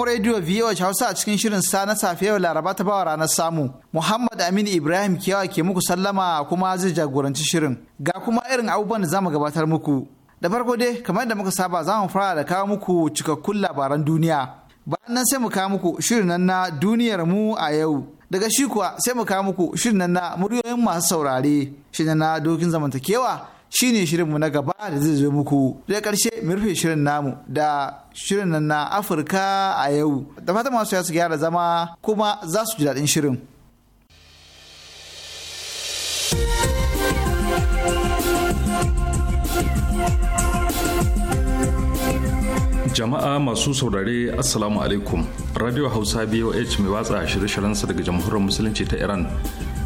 kamo rediyo VOH Hausa a cikin shirin sa na safe yau Laraba ta bawa ranar samu. Muhammad Aminu Ibrahim Kiyawa ke muku sallama kuma zai jagoranci shirin. Ga kuma irin abubuwan da zamu gabatar muku. Da farko dai kamar da muka saba za mu fara da kawo muku cikakkun labaran duniya. Bayan nan sai mu kawo muku shirin nan na duniyar mu a yau. Daga shi kuwa sai mu kawo muku shirin nan na muryoyin masu saurare. Shirin na dokin zamantakewa shi shirin shirinmu na gaba da zai zo muku da karshe mu rufe shirin namu da shirin nan na afirka a yau da fatan masu ya gyara zama kuma za su ji daɗin shirin jama'a masu saurare assalamu alaikum radio hausa boh mai watsa shirye-shiryensa daga jamhuriyar musulunci ta iran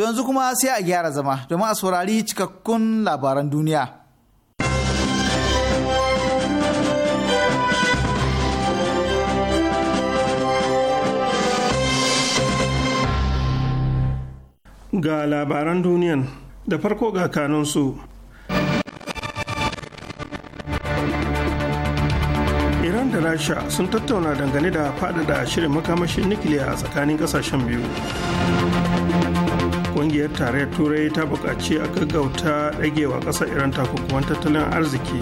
To yanzu kuma sai a gyara zama domin a saurari cikakkun labaran duniya. Ga labaran duniyan da farko ga kanunsu. Iran da Rasha sun tattauna dangane da faɗaɗa shirin makamashin nukiliya a tsakanin ƙasashen biyu. ƙungiyar tarayyar turai ta buƙaci a gaggauta ɗagewa ƙasar iran takunkuman tattalin arziki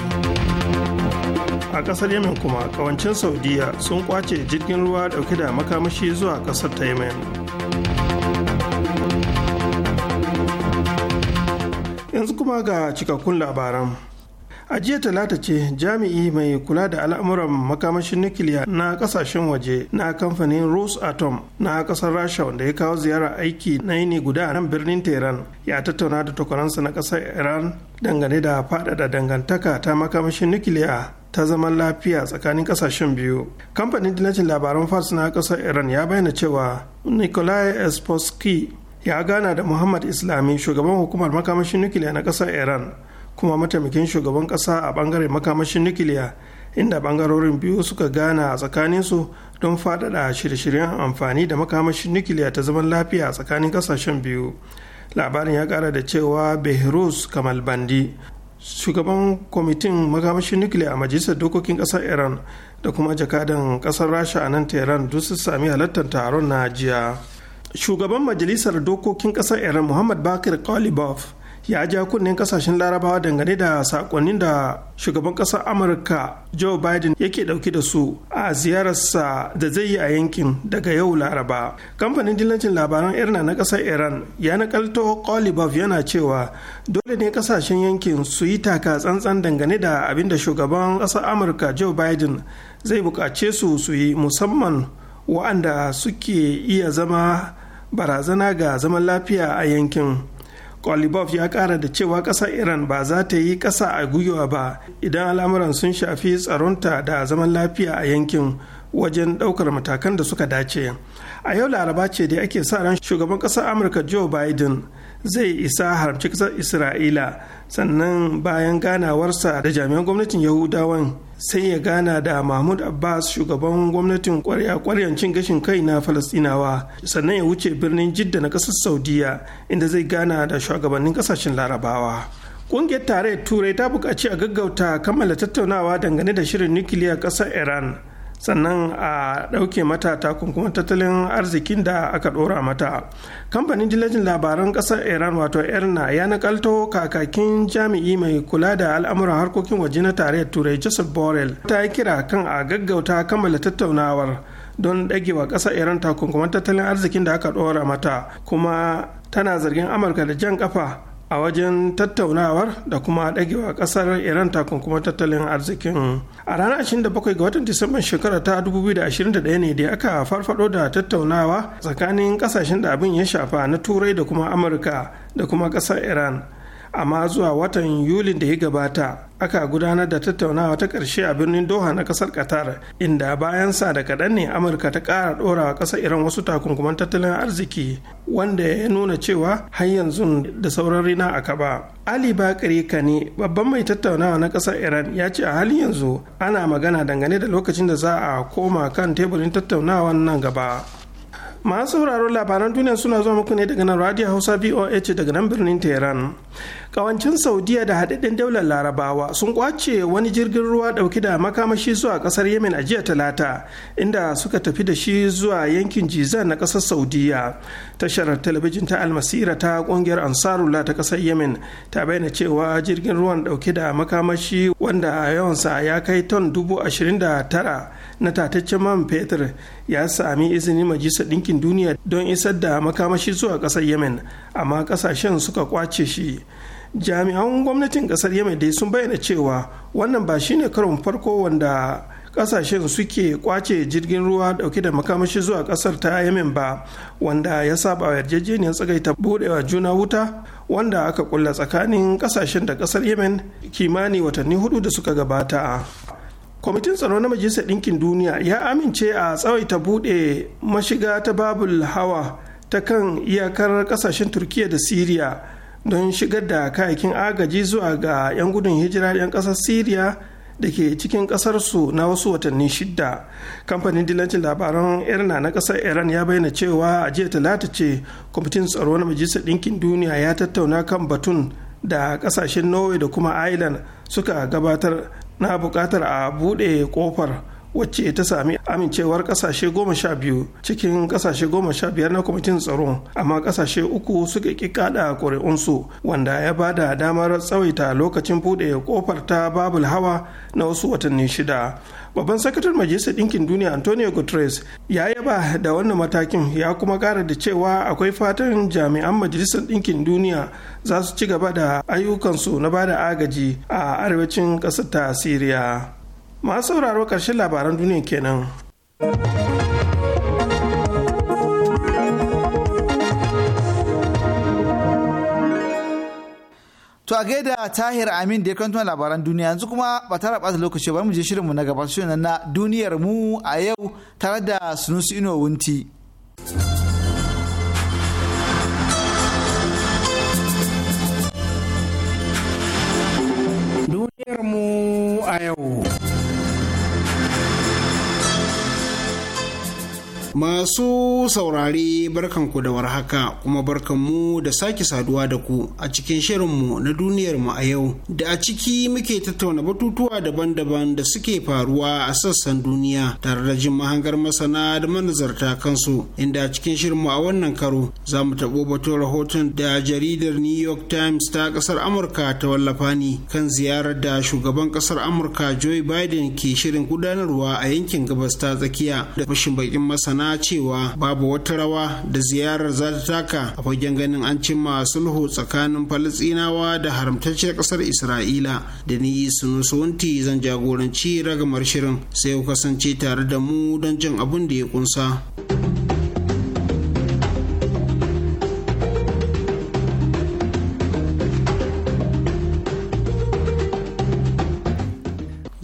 a ƙasar yemen kuma ƙawancin saudiya sun kwace jirgin ruwa ɗauke da makamashi zuwa ƙasar ta yemen yanzu kuma ga cikakkun labaran a jiya talata ce jami'i mai kula da al'amuran makamashin nukiliya na kasashen waje na kamfanin atom na kasar rasha wanda ya kawo ziyara aiki na yini guda a nan birnin tehran ya tattauna da takwaransa na kasar iran dangane da faɗaɗa dangantaka ta makamashin nukiliya ta zaman lafiya tsakanin kasashen biyu kamfanin dinacin labaran fars na kasar iran ya bayyana cewa nikolai esposki ya gana da muhammad islami shugaban hukumar makamashin nukiliya na kasar iran kuma mataimakin shugaban kasa a ɓangaren makamashin nukiliya inda bangarorin biyu suka gana a tsakaninsu don faɗaɗa shirye-shiryen amfani da makamashin nukiliya ta zaman lafiya a tsakanin ƙasashen biyu labarin ya ƙara da cewa behrus kamal bandi shugaban kwamitin makamashin nukiliya a majalisar dokokin ƙasar iran da kuma jakadan ƙasar rasha a nan tehran duk su sami halartar taron na jiya shugaban majalisar dokokin ƙasar iran muhammad bakir kalibov ya ja kunnen kasashen larabawa dangane da sakonnin da shugaban kasar amurka joe biden yake dauke da su a ziyararsa da zai yi a yankin daga yau laraba kamfanin dillancin labaran irna na kasar iran ya nakalto kolibov yana cewa dole ne kasashen yankin su yi taka tsantsan dangane da abin da shugaban kasar amurka joe biden zai bukace su su yi musamman wa'anda suke iya zama barazana ga zaman lafiya a yankin. kwalibov ya kara da cewa ƙasar iran ba za ta yi ƙasa a gwiwa ba idan al'amuran sun shafi tsaronta da zaman lafiya a yankin wajen ɗaukar matakan da suka dace a yau laraba ce da ake sa ran shugaban ƙasar amurka joe biden zai isa haramci ƙasar isra'ila sannan bayan ganawarsa da jami'an gwamnatin yahudawan sai ya gana da mahmud abbas shugaban gwamnatin kwarya kwaryan cin gashin kai na falastinawa sannan ya wuce birnin jidda na ƙasar saudiya inda zai gana da shugabannin ƙasashen larabawa Ƙungiyar tarayyar Turai ta buƙaci a gaggauta kammala tattaunawa dangane da shirin nukiliya ƙasar Iran sannan a ɗauke mata takunkumin tattalin arzikin da aka ɗora mata kamfanin jilajin labaran ƙasar iran wato erna ya nakalto kakakin jami'i mai kula da al'amuran harkokin waje na tarayyar turai joseph borrell ta yi kira kan a gaggauta kammala tattaunawar don ɗagewa ƙasar iran takunkumin tattalin arzikin da aka ɗora mata kuma tana zargin amurka da jan kafa a wajen tattaunawar da kuma ɗagewa ƙasar iran takunkuma tattalin arzikin a ranar 27 ga watan disamban shekara ta 2021 ne da aka farfado da tattaunawa tsakanin ƙasashen da abin ya shafa na turai da kuma amurka da kuma ƙasar iran amma zuwa watan yulin da ya gabata aka gudanar da tattaunawa ta ƙarshe a birnin doha na ƙasar qatar inda bayan sa da kaɗan ne amurka ta ƙara ɗora ƙasar iran wasu takunkuman tattalin arziki wanda ya nuna cewa har yanzu da sauran rina a kaba ali bakari kane babban mai tattaunawa na ƙasar iran ya ce a halin yanzu ana magana dangane da lokacin da za a koma kan teburin tattaunawa nan gaba masu sauraro labaran duniya suna zuwa muku ne daga nan radio hausa voh daga nan birnin tehran Kawancin Saudiya da haɗaɗɗen daular Larabawa sun kwace wani jirgin ruwa ɗauki da makamashi zuwa ƙasar Yemen a jiya Talata, inda suka tafi da shi zuwa yankin Jizan na ƙasar Saudiya. Tashar talabijin ta Almasira ta ƙungiyar ansarula ta ƙasar Yemen ta bayyana cewa jirgin ruwan ɗauke da makamashi wanda yawansa ya kai ton dubu ashirin da tara na tataccen man fetur ya sami izinin majisa ɗinkin duniya don isar da makamashi zuwa ƙasar Yemen, amma ƙasashen suka kwace shi. jami'an gwamnatin kasar yamai dai sun bayyana cewa wannan ba shine karon farko wanda kasashen suke kwace jirgin ruwa dauke da makamashi zuwa kasar ta yamin ba wanda ya saba yarjejeniyar tsagaita budewa juna wuta wanda aka kulla tsakanin kasashen da kasar yamin kimani watanni hudu da suka gabata kwamitin tsaro na majalisar ɗinkin duniya ya amince a tsawaita bude mashiga ta babul hawa ta kan iyakar kasashen turkiya da siriya don shigar da kayakin agaji zuwa ga 'yan gudun hijira 'yan ƙasar syria da ke cikin ƙasarsu na wasu watanni shidda kamfanin dilancin labaran irna na ƙasar iran ya bayyana cewa a jiya talata ce kwamitin tsaro na majalisar ɗinkin duniya ya tattauna kan batun da ƙasashen norway da kuma ireland suka gabatar na buƙatar a buɗe ƙofar wacce ta sami amincewar kasashe goma sha biyu cikin kasashe goma sha biyar na kwamitin tsaro amma kasashe uku suka ƙi kada ƙuri'unsu wanda ya ba da damar tsawaita lokacin buɗe kofar ta babul hawa na wasu watanni shida babban sakatar majalisar ɗinkin duniya antonio guterres ya yaba da wannan matakin ya kuma ƙara da cewa akwai fatan jami'an majalisar ɗinkin duniya za su ci gaba da ayyukansu na bada agaji a arewacin ƙasar ta siriya masu sauraro ƙarshen labaran duniya kenan. To a gaida Tahir Amin da ya kwanto labaran duniya yanzu kuma ba raba da lokaci ba mu je shirinmu na gaba shi na duniyar mu a yau tare da Sunusi Ino Wunti. Duniyar mu a yau. Masu saurare barkanku da warhaka kuma barkanmu da sake saduwa da ku a cikin shirinmu na duniyarmu a yau da a ciki muke tattauna batutuwa daban-daban da suke faruwa a sassan duniya tare da jin mahangar masana da manazarta kansu inda a cikin shirinmu a wannan karo za mu taɓo batun rahoton da jaridar New York Times ta ƙasar Amurka ta wallafa ne kan ziyarar da shugaban ƙasar Amurka Joe Biden ke shirin gudanarwa a yankin gabas ta tsakiya da fashin bakin masana na cewa babu wata rawa da ziyarar za ta taka a fagen ganin an cimma sulhu tsakanin falisinawa da haramtacciyar kasar Isra'ila da ni Sunusunti zan jagoranci ragamar shirin sai ku kasance tare da mu don jin abin da ya kunsa.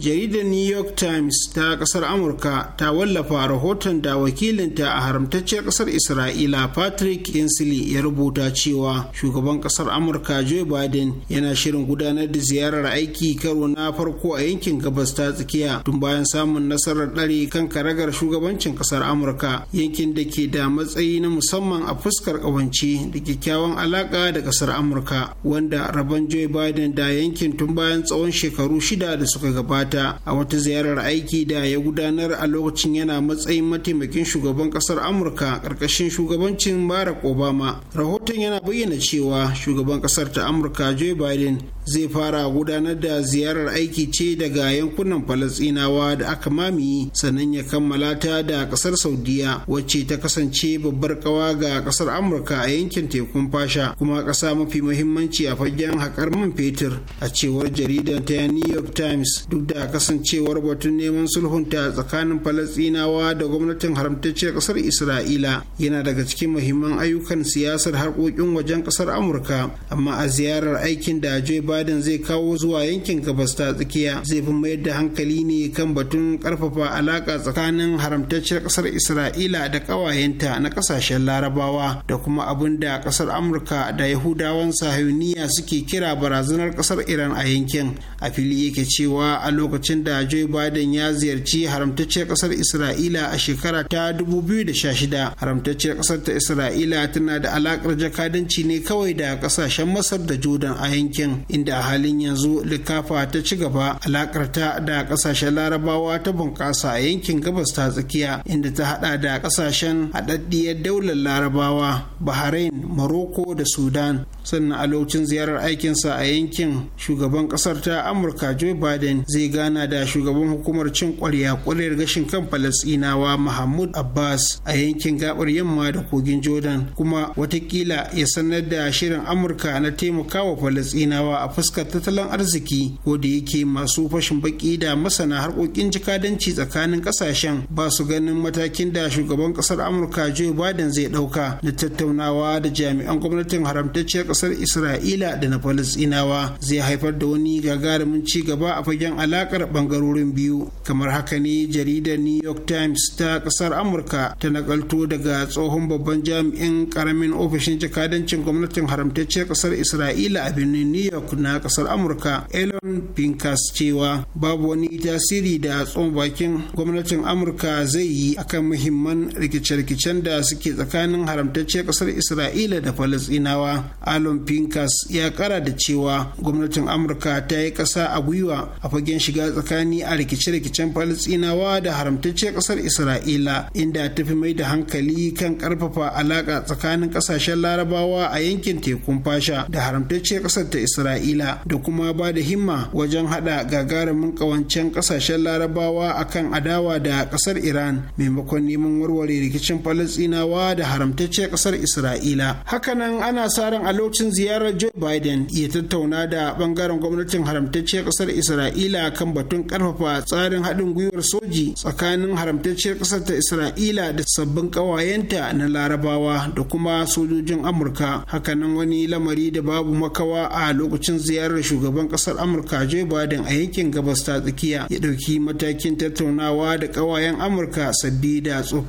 jaridar new york times ta kasar amurka ta wallafa rahoton da wakilinta a haramtacciyar kasar isra'ila patrick kinsley ya rubuta cewa shugaban kasar amurka joe biden yana shirin gudanar da ziyarar aiki karo na farko a yankin gabas ta tsakiya tun bayan samun nasarar dare kan karagar shugabancin kasar amurka yankin da ke da matsayi na musamman a fuskar ƙawance da kyakkyawan alaƙa da kasar amurka wanda rabon joe biden da yankin tun bayan tsawon shekaru shida da suka gabata gabata a wata ziyarar aiki da ya gudanar a lokacin yana matsayin mataimakin shugaban kasar amurka ƙarƙashin shugabancin barack obama rahoton yana bayyana cewa shugaban kasar ta amurka joe biden zai fara gudanar da ziyarar aiki ce daga yankunan falasinawa da aka mamiye sannan ya kammala ta da kasar saudiya wacce ta kasance babbar kawa ga kasar amurka a yankin tekun fasha kuma kasa mafi muhimmanci a fagen haƙar man fetur a cewar jaridar ta new york times duk da kasancewar batun neman sulhunta tsakanin falasinawa da gwamnatin haramtacciyar kasar isra'ila yana daga cikin muhimman ayyukan siyasar harkokin wajen kasar amurka amma a ziyarar aikin da joe Biden zai kawo zuwa yankin gabas ta tsakiya zai fi mayar da hankali ne kan batun karfafa alaka tsakanin haramtacciyar kasar Isra'ila da kawayenta na kasashen Larabawa da kuma abin da kasar Amurka da Yahudawan Sahiyuniya suke kira barazanar kasar Iran a yankin. A fili yake cewa a lokacin da Joe Biden ya ziyarci haramtacciyar kasar Isra'ila a shekara ta 2016 haramtacciyar kasar ta Isra'ila tana da alakar jakadanci ne kawai da kasashen Masar da Jordan a yankin inda a halin yanzu likafa ta ci gaba alakarta da kasashen larabawa ta bunƙasa a yankin gabas ta tsakiya inda ta hada da kasashen haɗaɗɗiyar daular larabawa bahrain morocco da sudan sannan a lokacin ziyarar aikinsa a yankin shugaban kasar ta amurka joe biden zai gana da shugaban hukumar cin kwarya kwarar gashin kan falasinawa mahmud abbas a yankin gabar yamma da kogin jordan kuma watakila ya sanar da shirin amurka na taimakawa falasinawa a fuskar tattalin arziki ko da yake masu fashin baki da masana harkokin jikadanci tsakanin kasashen ba su ganin matakin da shugaban kasar amurka joe biden zai dauka na tattaunawa da jami'an gwamnatin haramtacciyar kasar isra'ila da na falasɗinawa zai haifar da wani gagarumin ci gaba a fagen alakar bangarorin biyu kamar haka ne jaridar new york times ta kasar amurka ta nakalto daga tsohon babban jami'in karamin ofishin jakadancin gwamnatin haramtacciyar kasar isra'ila a birnin new york na kasar amurka elon pincus cewa babu wani tasiri da tsohon bakin gwamnatin amurka zai yi akan muhimman rikice-rikicen da suke tsakanin haramtacciyar kasar isra'ila da falasinawa alon pincus ya kara da cewa gwamnatin amurka ta yi kasa a gwiwa a fagen shiga tsakani a rikice-rikicen falasinawa da haramtacciyar kasar isra'ila inda ta fi mai da hankali kan karfafa alaka tsakanin kasashen larabawa a yankin tekun fasha da haramtacciyar kasar ta isra'ila da kuma ba da himma wajen hada gagarumin ƙawancen ƙasashen larabawa akan adawa da ƙasar iran maimakon neman warware rikicin falastinawa da haramtacce ƙasar isra'ila hakanan ana sa ran a lokacin ziyarar joe biden ya tattauna da bangaren gwamnatin haramtacce ƙasar isra'ila kan batun ƙarfafa tsarin haɗin gwiwar soji tsakanin haramtacciyar ƙasar ta isra'ila da sabbin ƙawayenta na larabawa da kuma sojojin amurka hakanan wani lamari da babu makawa a lokacin ziyarar shugaban kasar amurka joe biden a yankin gabas ta tsakiya ya ɗauki matakin tattaunawa da ƙawayen amurka sabbi da su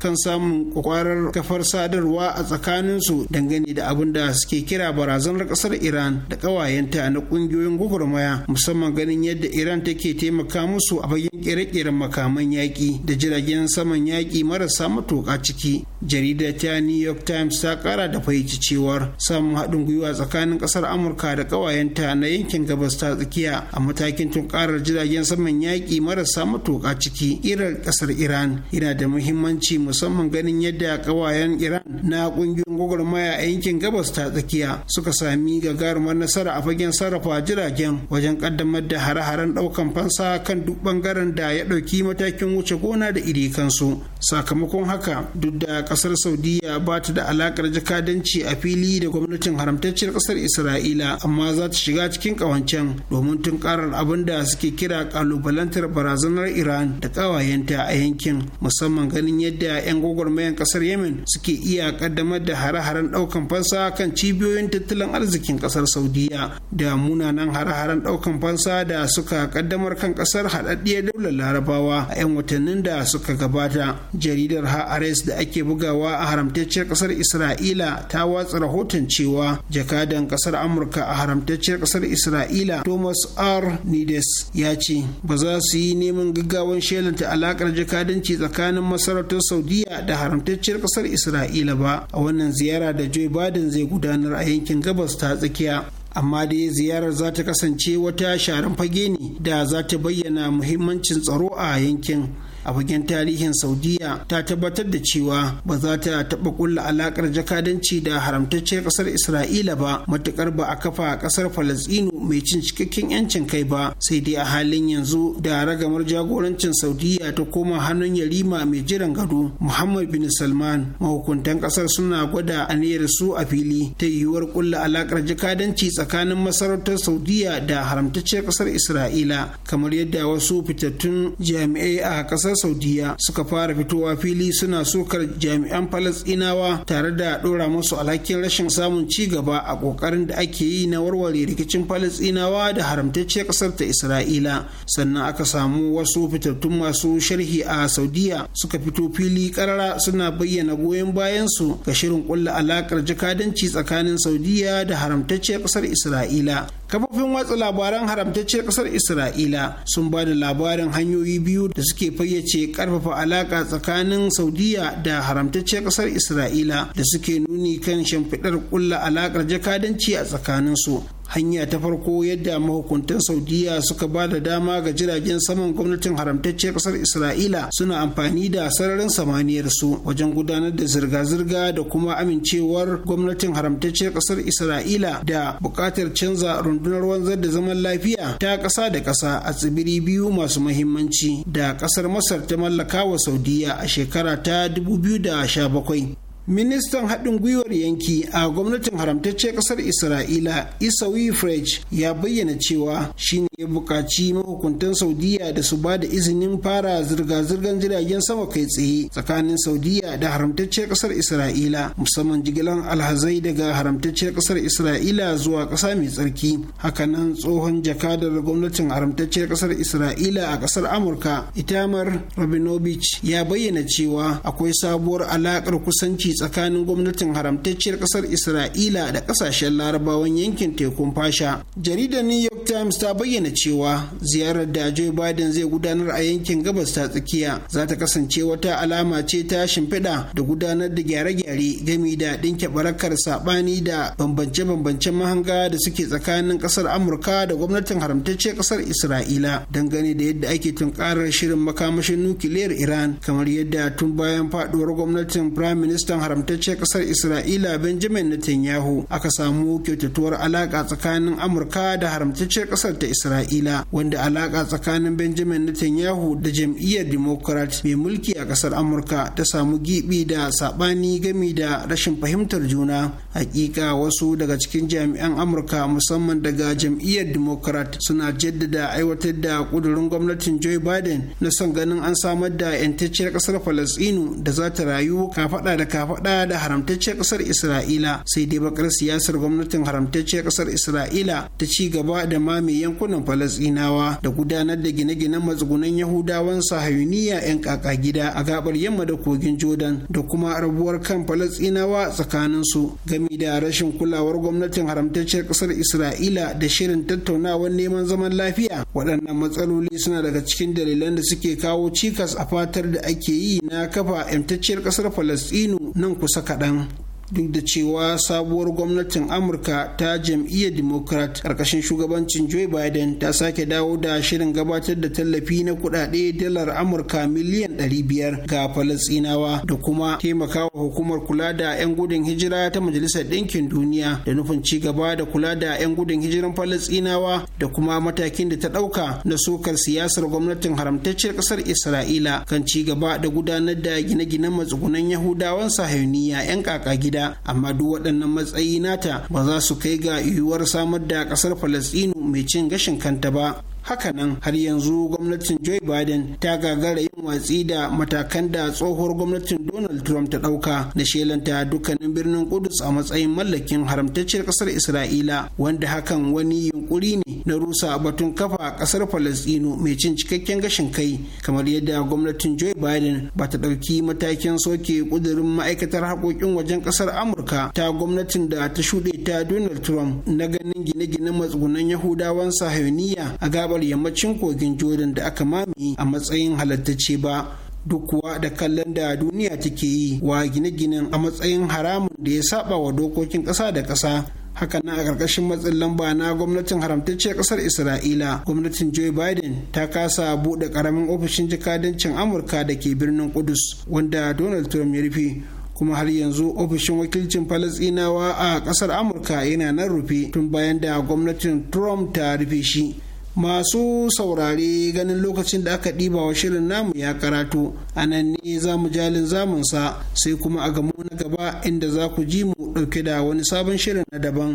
kan samun kwakwarar kafar sadarwa a tsakaninsu dangane da abin da suke kira barazanar kasar iran da ƙawayenta na ƙungiyoyin gwagwarmaya musamman ganin yadda iran take taimaka musu a bayan ƙere-ƙeren makaman yaƙi da jiragen saman yaƙi marasa matuƙa ciki jaridar ta new york times ta ƙara da fahimci cewar samun haɗin gwiwa tsakanin ƙasar amurka da ƙawayen ƙawayenta na yankin gabas ta tsakiya a matakin tunkarar jiragen saman yaƙi marasa matuƙa ciki irin ƙasar iran yana da muhimmanci musamman ganin yadda ƙawayen iran na ƙungiyoyin gwagwarmaya a yankin gabas ta tsakiya suka sami gagarumar nasara a fagen sarrafa jiragen wajen ƙaddamar da hare-haren ɗaukan fansa kan duk ɓangaren da ya ɗauki matakin wuce gona da iri kansu sakamakon haka duk da ƙasar saudiya ba ta da alaƙar jakadanci a fili da gwamnatin haramtacciyar ƙasar isra'ila amma za ta shiga cikin kawancen domin tunkarar abin da suke kira kalubalantar barazanar iran da kawayenta a yankin musamman ganin yadda 'yan gwagwarmayan kasar yemen suke iya kaddamar da hare-haren daukan fansa kan cibiyoyin tattalin arzikin kasar saudiya da munanan hare-haren daukan fansa da suka kaddamar kan kasar haɗaɗɗiyar daular larabawa a 'yan watannin da suka gabata jaridar ha'ares da ake bugawa a haramtacciyar kasar isra'ila ta watsa rahoton cewa jakadan kasar amurka a haramtacciyar haramtacciyar kasar isra'ila thomas r nides ya ce ba za su yi neman gaggawan shelanta alakar jakadanci tsakanin masarautar saudiya da haramtacciyar kasar isra'ila ba a wannan ziyara da joe biden zai gudanar a yankin gabas ta tsakiya amma dai ziyarar za ta kasance wata sharan fage ne da za ta bayyana muhimmancin tsaro a yankin a fagen tarihin saudiya ta tabbatar da cewa ba za ta taɓa kulla alakar jakadanci da haramtacciyar ƙasar isra'ila ba matuƙar ba a kafa ƙasar falastinu mai cin cikakken yancin kai ba sai dai a halin yanzu da ragamar jagorancin saudiya ta koma hannun yarima mai jiran gado muhammad bin salman mahukuntan ƙasar suna gwada aniyar su a fili ta yiwuwar kulla alakar jakadanci tsakanin masarautar saudiya da haramtacciyar ƙasar isra'ila kamar yadda wasu fitattun jami'ai a ƙasar saudiya suka fara fitowa fili suna sukar jami'an falasɗinawa tare da ɗora musu alhakin rashin samun ci gaba a ƙoƙarin da ake yi na warware rikicin falasɗinawa da haramtacciyar ƙasar ta isra'ila sannan aka samu wasu fitattun masu sharhi a saudiya suka fito fili ƙarara suna bayyana goyon bayansu ga shirin ƙulla alaƙar jakadanci tsakanin saudiya da haramtacciyar ƙasar isra'ila kafofin watsa labaran haramtacciyar kasar isra'ila sun ba da labarin hanyoyi biyu da suke fayyace karfafa alaka tsakanin saudiya da haramtacciyar kasar isra'ila da suke nuni kan shimfiɗar kulla alakar jakadanci a tsakanin su. hanya ta farko yadda mahukuntan saudiya suka ba da dama ga jiragen saman gwamnatin haramtacciyar kasar isra'ila suna amfani da sararin samaniyar su wajen gudanar da zirga-zirga da kuma amincewar gwamnatin haramtacciyar kasar isra'ila da buƙatar canza rundunar wanzar da zaman lafiya ta ƙasa da ƙasa a tsibiri biyu masu muhimmanci da ƙasar masar ta mallaka wa saudiya a shekara ta 2017 ministan haɗin gwiwar yanki a gwamnatin haramtacce ƙasar isra'ila isawi frej ya bayyana cewa shine ya buƙaci mahukuntan saudiya da su ba da izinin fara zirga-zirgar jiragen sama kai tsaye tsakanin saudiya da haramtacciyar ƙasar isra'ila musamman jigilan alhazai daga haramtacciyar ƙasar isra'ila zuwa ƙasa mai tsarki hakanan tsohon jakadar gwamnatin haramtacciyar ƙasar isra'ila a ƙasar amurka itamar rabinovich ya bayyana cewa akwai sabuwar alaƙar kusanci tsakanin gwamnatin haramtacciyar ƙasar isra'ila da ƙasashen larabawan yankin tekun fasha jaridar new york times ta bayyana bayyana cewa ziyarar da Joe Biden zai gudanar a yankin gabas ta tsakiya za ta kasance wata alama ce ta shimfiɗa da gudanar da gyare-gyare gami da ɗinke barakar saɓani da bambance-bambancen mahanga da suke tsakanin ƙasar Amurka da gwamnatin haramtacce ƙasar Isra'ila dangane da yadda ake tunkarar shirin makamashin nukiliyar Iran kamar yadda tun bayan faɗuwar gwamnatin Prime Ministan haramtacce ƙasar Isra'ila Benjamin Netanyahu aka samu kyautatuwar alaƙa tsakanin Amurka da haramtacce ƙasar ta Isra'ila. isra'ila wanda alaka tsakanin benjamin netanyahu da jam'iyyar democrat mai mulki a kasar amurka ta samu gibi da sabani gami da rashin fahimtar juna hakika wasu daga cikin jami'an amurka musamman daga jam'iyyar democrat suna jaddada aiwatar da kudurin gwamnatin joe biden na son ganin an samar da yantacciyar kasar falastinu da za ta rayu kafada da kafada da haramtacciyar kasar isra'ila sai dai bakar siyasar gwamnatin haramtacciyar kasar isra'ila ta ci gaba da mame yankunan falasinawa da gudanar da gine-ginen matsugunan yahudawan sahayuniya 'yan kaka gida a gabar yamma da kogin jordan da kuma rabuwar kan falasinawa tsakaninsu gami da rashin kulawar gwamnatin haramtacciyar kasar isra'ila da shirin tattaunawar neman zaman lafiya waɗannan matsaloli suna daga cikin dalilan da suke kawo cikas a fatar da ake yi na kafa 'yamtacciyar kasar falasinu nan kusa kaɗan duk da cewa sabuwar gwamnatin amurka ta jam'iyyar democrat karkashin shugabancin joe biden ta sake dawo da shirin gabatar da tallafi na kudade dalar amurka miliyan 500 ga falasinawa da kuma taimakawa hukumar kula da 'yan gudun hijira ta majalisar ɗinkin duniya da nufin ci gaba da kula da 'yan gudun hijiran falasinawa da kuma matakin da ta ɗauka na sokar siyasar gwamnatin haramtacciyar ƙasar isra'ila kan ci gaba da gudanar da gine-ginen matsugunan yahudawan sahiyuniya 'yan kaka gida gida amma duk waɗannan matsayi nata ba za su kai ga yiwuwar samar da ƙasar falastinu mai cin gashin kanta ba hakanan har yanzu gwamnatin joe biden ta gagara yin watsi da matakan da tsohuwar gwamnatin donald trump ta dauka. na shelanta dukkanin birnin kudus a matsayin mallakin haramtacciyar ƙasar isra'ila wanda hakan wani yunkuri ne na rusa batun kafa a ƙasar falastinu mai cin cikakken gashin kai kamar yadda gwamnatin joe biden ba ta ɗauki matakin soke ƙudurin ma'aikatar haƙoƙin wajen ƙasar amurka ta gwamnatin da ta shuɗe ta donald trump na ganin gine gine matsugunan yahudawan sahiyoniya a gaba gabar yammacin kogin jordan da aka mamaye a matsayin halittace ba duk kuwa da kallon da duniya take yi wa gine-ginen a matsayin haramun da ya saba wa dokokin ƙasa da ƙasa haka nan a ƙarƙashin matsin lamba na gwamnatin haramtacce ƙasar isra'ila gwamnatin joe biden ta kasa buɗe ƙaramin ofishin jikadancin amurka da ke birnin kudus wanda donald trump ya rufe kuma har yanzu ofishin wakilcin falasinawa a ƙasar amurka yana nan rufe tun bayan da gwamnatin trump ta rufe shi masu saurare ganin lokacin da aka ɗiba wa shirin namu ya karatu a nan ne za mu jalin zamunsa sai kuma a gamu na gaba inda za ku ji mu ɗauke da wani sabon shirin na daban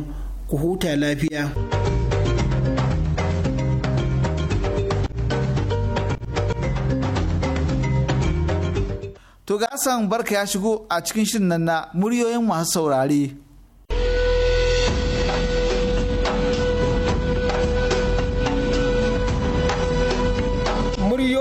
ku huta lafiya. To ga barka ya shigo a cikin shirin nan na muryoyin masu saurare.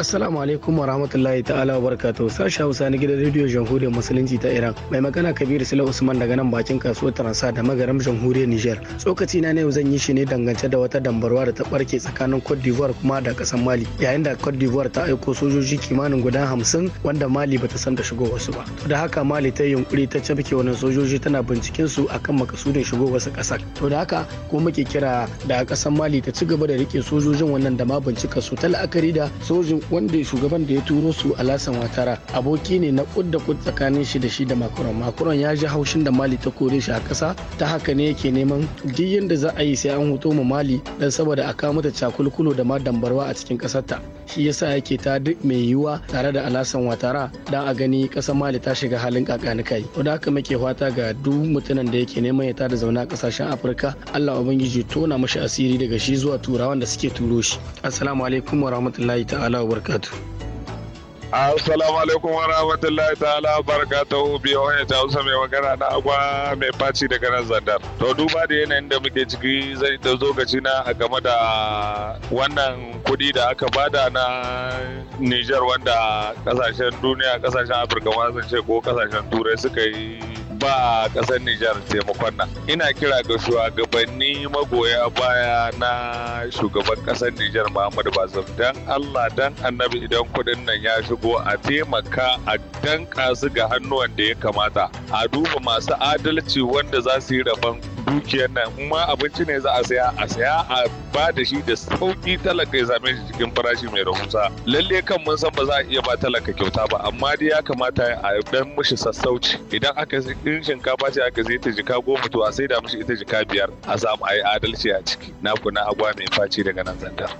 Assalamu alaikum wa rahmatullahi ta'ala wa barakatuh. Sashi Hausa na gidan rediyon Jamhuriyar Musulunci ta Iran. Mai magana Kabiru Sule Usman daga nan bakin kasuwar Taransa da magaram Jamhuriyar Niger. Tsokaci na yau zan yi shi ne dangance da wata dambarwa da ta barke tsakanin Cote d'Ivoire kuma da kasar Mali. Yayin da Cote d'Ivoire ta aiko sojoji kimanin guda hamsin wanda Mali bata san da shigowar su ba. To da haka Mali ta yunkuri ta cafke wannan sojoji tana binciken su akan makasudin shigo su ƙasar. To da haka ko muke kira da kasar Mali ta ci gaba da rike sojojin wannan da ma bincika su ta la'akari da sojin wanda shugaban da ya turo su alasan watara aboki ne na kudda kud tsakanin shi da shi da makuron makuron ya ji haushin da mali ta kore shi a kasa ta haka ne yake neman duk yadda za a yi sai an hoto ma mali dan saboda a kawo mata cakulkulo da ma dambarwa a cikin ta shi yasa yake ta duk mai yiwuwa tare da alasan watara dan a gani ƙasar mali ta shiga halin kakanikai wanda haka muke fata ga duk mutanen da yake neman ya tada zauna kasashen afirka allah ubangiji tona mashi asiri daga shi zuwa turawan da suke turo shi assalamu alaikum warahmatullahi ta'ala wabarakatuh Assalamu alaikum wa rahmatullahi ta'ala barka ta hobi wani ta hausa mai magana na agwa mai faci daga nan zandar. To duba da yanayin da muke ciki zai da zogaci na a game da wannan kuɗi da aka bada na Nijar wanda kasashen duniya kasashen Afirka ma zan ce ko kasashen Turai suka yi ba ƙasar Nijar taimakon nan. Ina kira ga shugabanni magoya baya na shugaban ƙasar Nijar Muhammadu Bazum dan Allah dan annabi idan kuɗin nan ya shigo a taimaka a danka su ga hannuwan da ya kamata. A duba masu adalci wanda za su yi rabon dukiyar nan kuma abinci ne za a saya a saya a ba da shi da sauki talaka ya same shi cikin farashi mai rahusa lalle kan mun san ba za a iya ba talaka kyauta ba amma dai ya kamata a dan mishi sassauci idan aka in shinkafa ce aka sai ta jika goma to a sai da mishi ita jika biyar a samu a yi adalci a ciki na kuna agwa mai faci daga nan zanta.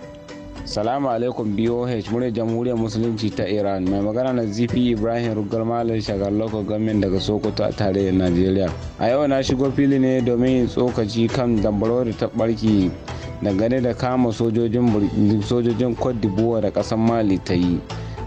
Salamu alaikum BOH murya jamhuriyar musulunci ta Iran mai magana na zifi Ibrahim Rugar Malam Shagar Loko Gamin daga Sokoto a tarayyar Najeriya. A yau na shigo fili ne domin yin tsokaci kan dambarwar da ta barki dangane da kama sojojin Cote d'Ivoire da ƙasar Mali ta yi.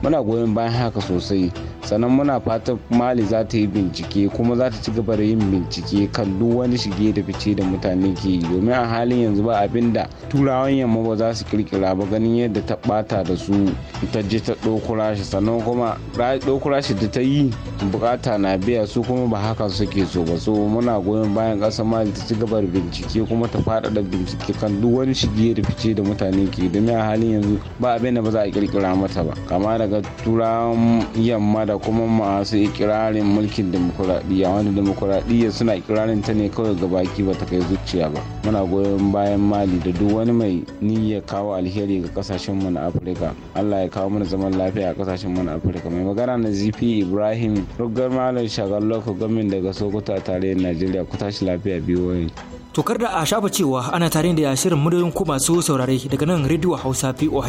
muna goyon bayan haka sosai sannan muna fata mali za ta yi bincike kuma za ta ci gaba da yin bincike kan duk wani shige da fice da mutane ke yi domin a halin yanzu ba abin da turawan yamma ba za su kirkira ba ganin yadda ta bata da su ta je ta ɗokura shi sannan kuma ɗokura shi da ta yi bukata na biya su kuma ba haka suke so ba so muna goyon bayan ƙasar mali ta ci gaba da bincike kuma ta faɗaɗa bincike kan duk wani shige da fice da mutane ke yi domin a halin yanzu ba abin da ba za a kirkira mata ba kama daga daga turawan yamma da kuma masu ikirarin mulkin demokuraɗiyya wanda demokuraɗiyya suna ikirarin ta ne kawai ga baki ba ta kai zuciya ba muna goyon bayan mali da duk wani mai niyya kawo alheri ga kasashen mu na afirka allah ya kawo mana zaman lafiya a kasashen mu na afirka mai magana na zp ibrahim rugar malam shagar loko gamin daga sokoto a tarayyar najeriya ku tashi lafiya biyu To da a shafa cewa ana tare da yashirin muryoyin ku masu saurare daga nan Radio Hausa poh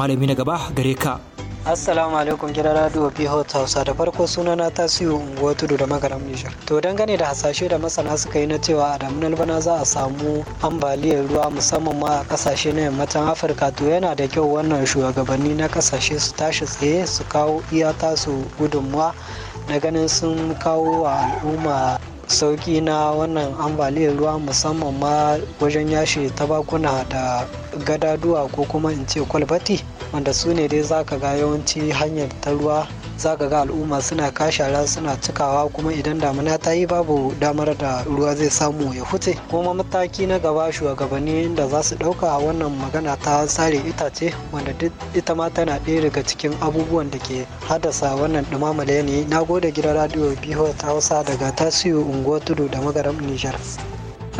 malami na gaba gare ka. Assalamu alaikum gidan radio Bihot Hausa da farko suna na tasiyo unguwa tudu da magaram Nijar. To dangane da hasashe da masana suka yi na cewa a damin bana za a samu ambaliyar ruwa musamman ma a kasashe na yammacin Afirka to yana da kyau wannan shugabanni na kasashe su tashi tsaye su kawo iya tasu gudunmuwa na ganin sun kawo wa al'umma sauki na wannan ambaliyar ruwa musamman ma wajen yashe tabakuna da gadaduwa ko kuma in ce kwalbati wanda su ne dai zaka ga yawanci hanyar ta ruwa zaka ga al'umma suna kashara suna cikawa kuma idan damina ta yi babu damar da ruwa zai samu ya huce kuma mataki na gaba shugabanni da za su ɗauka wannan magana ta sare itace wanda duk ita ma tana ɗaya daga cikin abubuwan da ke haddasa wannan ɗumamar yanayi na gode gidan radio biyu hausa daga tasiyo unguwar tudu da magaram nijar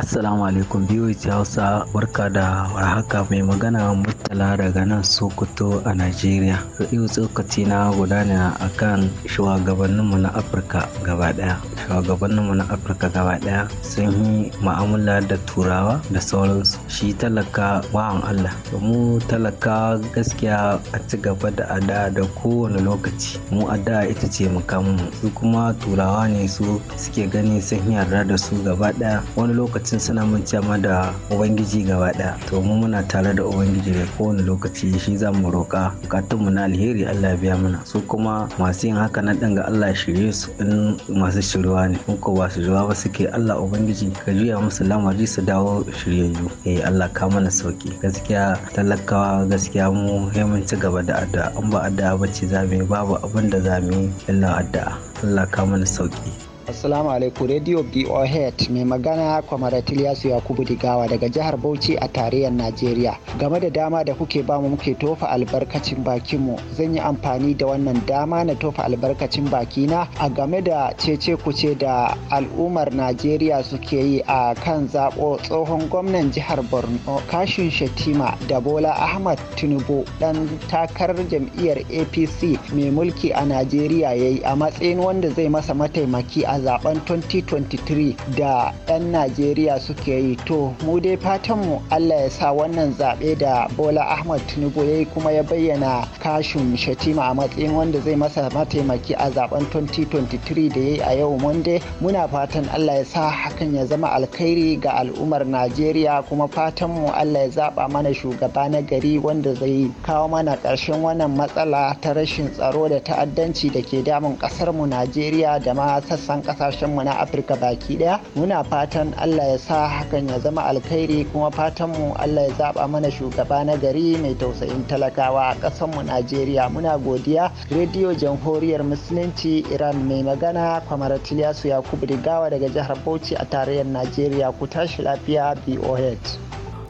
Assalamu alaikum biyu Hausa barka da warhaka mai magana Murtala daga nan Sokoto a Najeriya. Yau tsokaci na gudana akan shugabanninmu na Afirka gaba daya. Shugabanninmu na Afirka gaba daya sun yi ma'amala da turawa da sauransu. Shi talaka wa'an Allah. Mu talaka gaskiya a ci gaba da ada da kowane lokaci. Mu ada ita ce mukamu. Su kuma turawa ne su suke gani sun yarda da su gaba daya. Wani lokaci lokacin suna mancewa ma da ubangiji gaba daya to mu muna tare da ubangiji ne kowane lokaci shi za mu roƙa mu na alheri allah ya biya mana su kuma masu yin haka na ɗan ga allah shirye su in masu shirwa ne in ko ba ba suke allah ubangiji ka juya musu lamari su dawo shiryayyu eh allah ka mana sauki gaskiya talakawa gaskiya mu ya mun ci gaba da addu'a in ba addu'a ba ce za mu babu abin da za mu yi illa addu'a allah ka mana sauki Assalamu alaikum Radio BOHET mai magana Kwamaratil Yasu Yakubu Digawa daga jihar Bauchi a tarayyar Najeriya. Game da dama da kuke ba mu muke tofa albarkacin mu zan yi amfani da wannan dama na tofa albarkacin bakina a game da cece kuce da al'ummar Najeriya suke yi a kan zaɓo tsohon gwamnan jihar Borno Kashin Shatima da Bola Ahmad Tinubu dan takarar jam'iyyar APC mai mulki a Najeriya yayi a matsayin wanda zai masa mataimaki a zaben 2023 da 'yan najeriya suke yi to mu dai fatanmu allah ya sa wannan zaɓe da bola ahmad tinubu ya yi kuma ya bayyana kashin shatima a matsayin wanda zai masa mataimaki a zaben 2023 da ya yi a yau monday muna fatan allah ya sa hakan ya zama alkhairi ga al'ummar najeriya kuma fatanmu allah ya zaɓa mana shugaba na gari wanda zai kawo mana ƙarshen wannan matsala ta rashin tsaro da ta'addanci da ke damun ƙasarmu najeriya da ma sassan sauran kasashenmu na afirka baki daya muna fatan allah ya sa hakan ya zama alkhairi kuma fatanmu allah ya zaba mana shugaba na gari mai tausayin talakawa a mu najeriya muna godiya rediyo jamhuriyar musulunci iran mai magana kwamar tiliyasu yakubu digawa daga jihar bauchi a tarayyar najeriya ku tashi lafiya boh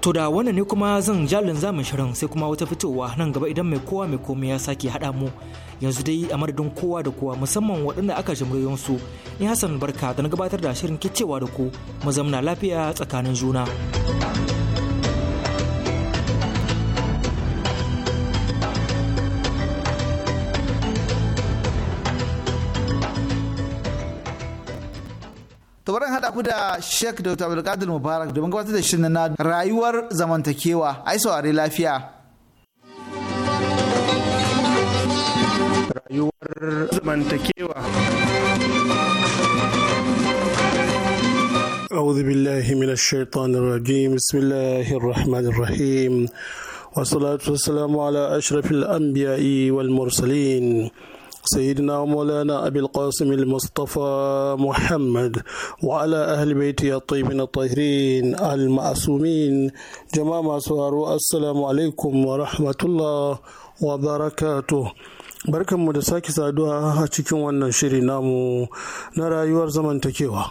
To da wannan ne kuma zan jalin zamin shirin sai kuma wata fitowa nan gaba idan mai kowa mai komai ya sake haɗa mu yanzu dai a madadin kowa da kowa musamman waɗanda aka jimriyon su ni hasan barka da na gabatar da shirin kicewa da ku mazamna lafiya tsakanin juna tabarin hada ku da sheik dr abdulkadir mubarak domin gabatar da shirin na rayuwar zamantakewa ai saurari lafiya yiwuwar zamantakewa أعوذ بالله من الشيطان الرجيم بسم الله الرحمن الرحيم والصلاة والسلام على أشرف الأنبياء والمرسلين سيدنا مولانا أبي القاسم المصطفى محمد وعلى أهل بيته الطيبين الطاهرين المعصومين جماعة سهر السلام عليكم ورحمة الله وبركاته barkanmu da sake saduwa a cikin wannan shiri namu na rayuwar zamantakewa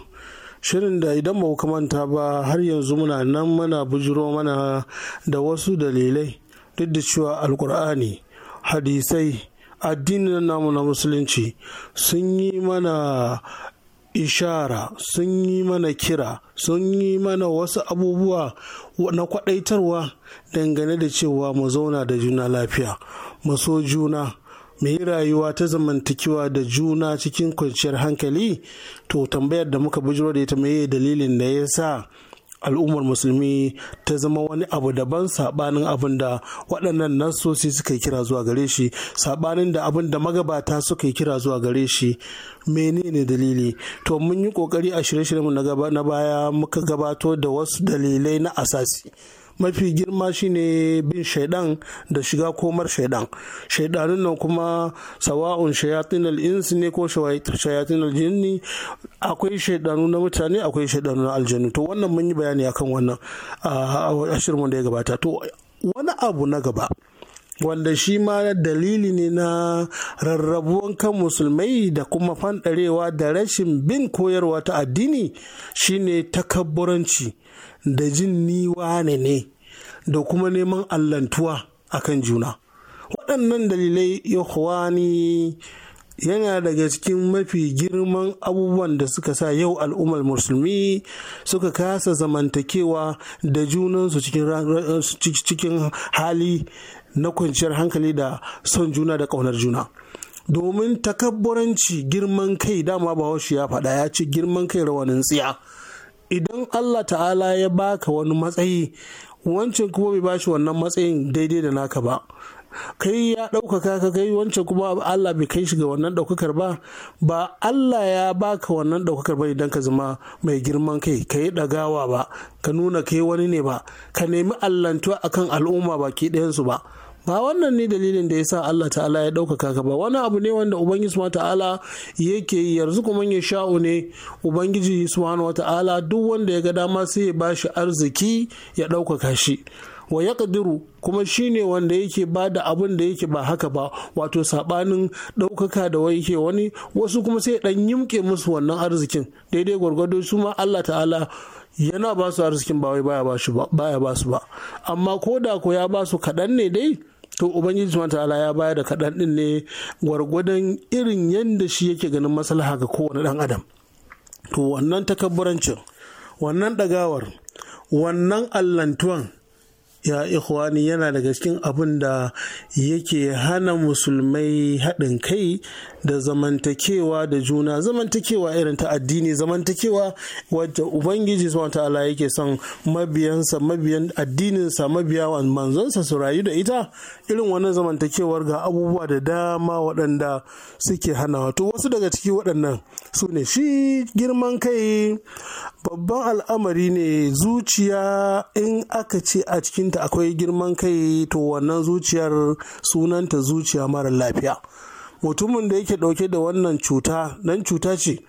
shirin da idan ba ku manta ba har yanzu muna nan mana bujiro mana da wasu dalilai duk da cewa alkur'ani hadisai addinin namu na musulunci sun yi mana ishara sun yi mana kira sun yi mana wasu abubuwa na kwadaitarwa dangane da cewa mu zauna da juna lafiya mu so juna mai rayuwa ta zamantakewa da juna cikin kwanciyar hankali to tambayar da muka bujiro da ita mai dalilin da ya sa al'ummar musulmi ta zama wani abu daban sabanin abin da waɗannan nasosi suka kira zuwa gare shi sabanin da abin da magabata suka kira zuwa gare shi menene dalili to mun yi kokari a shirye-shiryen na baya muka gabato da wasu dalilai na asasi mafi girma shine bin shaidan da shiga komar shaidan shaidanun nan kuma sawa'un shayatin al'ins ne ko shayatin aljinni akwai shaidanu na mutane akwai shaidanu na aljannu to wannan mun yi bayani akan wannan a shirin da ya gabata to wani abu na gaba wanda shi ma dalili ne na rarrabuwan kan musulmai da kuma fanɗarewa da rashin bin koyarwa ta addini shine takabburanci da jin ni wane ne da kuma neman allantuwa a kan juna waɗannan dalilai ne yana daga cikin mafi girman abubuwan da suka sa yau al'ummar musulmi suka kasa zamantakewa da junansu cikin hali na kwanciyar hankali da son juna da ƙaunar juna domin takabburanci girman kai dama ba ya faɗa ya ce girman kai rawanin tsiya idan Allah ta'ala ya baka wani matsayi wancan kuma bai bashi wannan matsayin daidai da naka ba kai ya ɗaukaka ka kai wancan kuma Allah bai kai shi ga wannan ɗaukakar ba ba Allah ya baka wannan ɗaukakar ba idan ka zama mai girman kai ka yi ɗagawa ba ka nuna kai wani ne ba ka nemi allantuwa akan al'umma baki ɗayansu ba ba wannan ne dalilin da ya sa Allah ta'ala ya ɗaukaka ka ba wani abu ne wanda ubangiji subhanahu ta'ala yake yi yanzu kuma ya sha'u ne ubangiji subhanahu ta'ala duk wanda ya ga dama sai ya bashi arziki ya ɗaukaka shi wa ya kuma shi ne wanda yake ba da abin da yake ba haka ba wato saɓanin ɗaukaka da wai ke wani wasu kuma sai ɗan yimke musu wannan arzikin daidai gwargwado su ma Allah ta'ala yana ba su arzikin ba wai baya ba ba ba su ba amma ko da ko ya ba su kaɗan ne dai to ubangiji subhanahu ta'ala ya bayar da kaɗan ɗin ne gwargwadon irin yadda shi yake ganin maslaha ga kowane ɗan adam to wannan takabburancin wannan ɗagawar wannan allantuwan ya ikhwani yana daga cikin abin da yake hana musulmai haɗin kai da zamantakewa da juna zamantakewa irin ta addini zamantakewa wadda ubangiji subhanahu ta'ala yake son mabiyansa mabiyan addininsa mabiya manzonsa su rayu da ita irin wannan zamantakewar ga abubuwa da dama waɗanda suke hana wato wasu daga ciki waɗannan su ne shi girman kai babban al'amari ne zuciya in aka ce a cikinta akwai girman kai to wannan zuciyar sunanta zuciya mara lafiya mutumin da yake dauke da wannan cuta nan cuta ce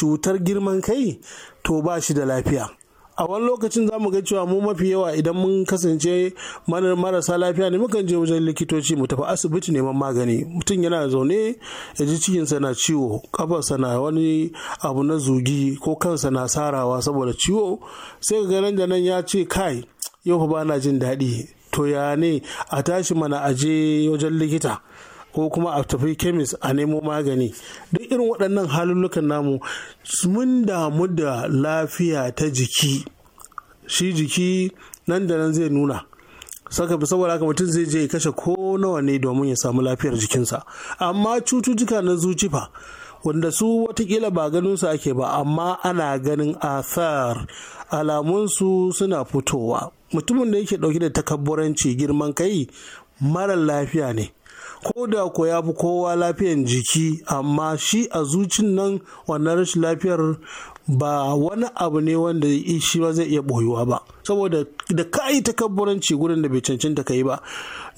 cutar girman kai to ba shi da lafiya a wani lokacin za mu ga cewa mu mafi yawa idan mun kasance marasa lafiya ne mukan je wajen likitoci mu tafi asibiti neman magani mutum yana zaune ya ji cikinsa na ciwo kafarsa na wani abu na zugi ko kansa na sarawa saboda ciwo sai ga nan da nan ya ce kai yau ba na jin daɗi to ya ne a tashi mana a je wajen likita ko kuma a tafi kemis a nemo magani duk irin waɗannan halullukan namu mun damu da lafiya ta jiki shi jiki nan da nan zai nuna saka bi saboda haka mutum zai je ya kashe ko nawa ne domin ya samu lafiyar jikinsa amma cututtuka na zuci fa wanda su watakila ba ganinsu ake ba amma ana ganin athar alamunsu suna fitowa mutumin da yake dauke da takabburanci girman kai mara lafiya ne ko da ko ya fi kowa lafiyan jiki amma shi a zucin nan wannan rashin lafiyar ba wani abu ne wanda shi ba zai iya boyuwa ba saboda da ka yi takabburanci gurin da bai cancanta ka yi ba